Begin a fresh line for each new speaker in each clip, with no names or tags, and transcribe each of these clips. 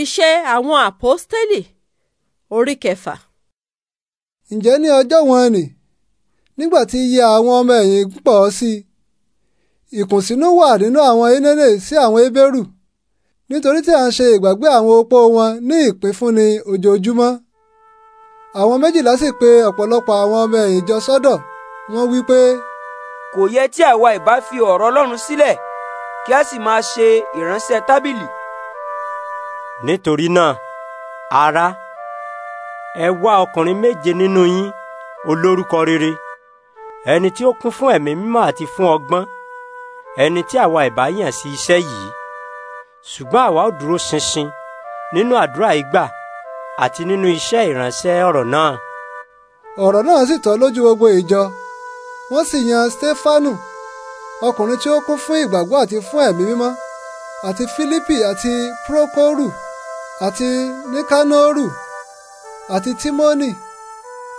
Iṣẹ́ àwọn Àpọ́stélì orí kẹfà.
Ǹjẹ́ ní ọjọ́ wọn nì nígbà tí iye àwọn ọmọ ẹ̀yìn ń pọ̀ sí i ìkùnsínú wà nínú àwọn Énénè sí àwọn Hébérù nítorí tí a ń ṣe ìgbàgbé àwọn opó wọn ní ìpínfúnni ojoojúmọ́ àwọn méjìlá sì pe ọ̀pọ̀lọpọ̀ àwọn ọmọ ẹ̀yìn jọ sọ́dọ̀ wọ́n wí pé. kò yẹ tí àwa
ìbá fi ọ̀rọ̀ Ọlọ́run sílẹ̀ kí a sì máa ṣe ìránṣẹ́ tábìlì nítorí náà ará ẹ wá ọkùnrin méje nínú yín olórúkọ rere ẹni tí ó kún fún ẹ̀mí mímọ́ àti fún ọgbọ́n ẹni tí àwa ìbá yàn sí iṣẹ́ yìí ṣùgbọ́n àwa ó dúró ṣinṣin nínú àdúrà ìgbà àti nínú iṣẹ́ ìránṣẹ́ ọ̀rọ̀ náà.
ọ̀rọ̀ náà sì tọ́ lójú gbogbo ìjọ wọ́n sì yan stefanu ọkùnrin tí ó kún fún ìgbàgbọ́ àti fún ẹ̀mí mímọ́ àti filipi àti prokoru àti nikanóòrù àti Timoni,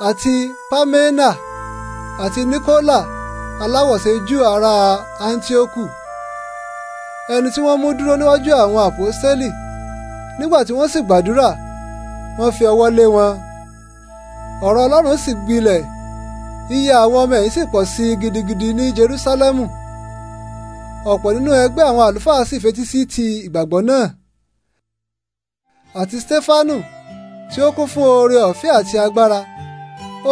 àti pamena àti nikola aláwọ̀ṣe jù ará antioku ẹni tí wọ́n mú dúró níwájú àwọn àpọ́sítélì nígbà tí wọ́n sì gbàdúrà wọ́n fi ọwọ́ lé wọn ọ̀rọ̀ ọlọ́run sì gbilẹ̀ iye àwọn ọmọ ẹ̀yìn sì pọ̀ sí i gidigidi ní jerúsálẹ́mù ọ̀pọ̀ nínú ẹgbẹ́ àwọn àlùfáà sì fetí sí ti ìgbàgbọ́ náà àti stefanu tí ó kún fún oore ọ̀fẹ́ àti agbára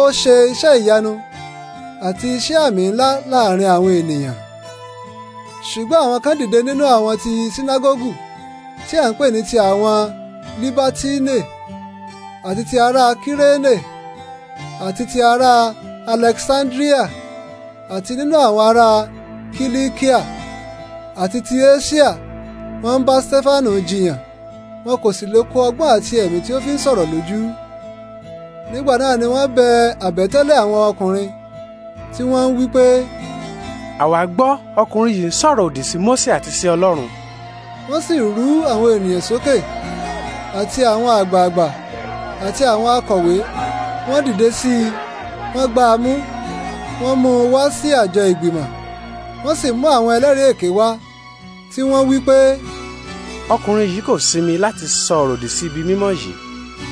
ó ṣe iṣẹ́ ìyanu àti iṣẹ́ àmì ńlá láàrin àwọn ènìyàn ṣùgbọ́n àwọn kan dìde nínú àwọn ti sínágógù tí à ń pè ní ti àwọn libatine àti ti ará kirene àti ti ará alexandria àti nínú àwọn ará kilikia àti ti asia wọ́n ń bá stefanu jiyàn wọn kò sì lè kó ọgbọ́n àti ẹ̀mí tí ó fi ń sọ̀rọ̀ lójú nígbà náà ni wọ́n bẹ àbẹ̀tẹ́lẹ̀ àwọn ọkùnrin tí wọ́n ń wí pé. àwa gbọ́
ọkùnrin yìí ń sọ̀rọ̀ òdì sí Mósè àti sí Ọlọ́run. wọ́n sì rú àwọn ènìyàn sókè
àti àwọn àgbààgbà àti àwọn akọ̀wé wọ́n dìde sí i wọ́n gbá a wọ́n mú un wá sí àjọ ìgbìmọ̀ wọ́n sì mú àwọn ẹlẹ́rìí èké wá tí wọ́n wí pé ọkùnrin yìí kò sinmi
láti sọ ọ̀rọ̀ òdì sí ibi mímọ́ yìí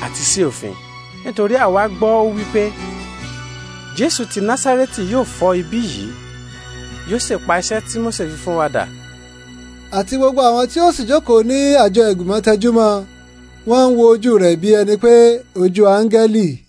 àti sí òfin nítorí àwa gbọ́ wípé jésù ti násárẹ́tì yóò fọ́ ibi yìí yóò sì pa iṣẹ́ tí mósè fi fún wa dà.
àti gbogbo àwọn tí ó sì jókòó ní àjọ ìgbìmọ̀ tẹjúmọ́ wọ́n ń wo ojú rẹ̀ bí ẹni pé ojú áńgẹ́lì.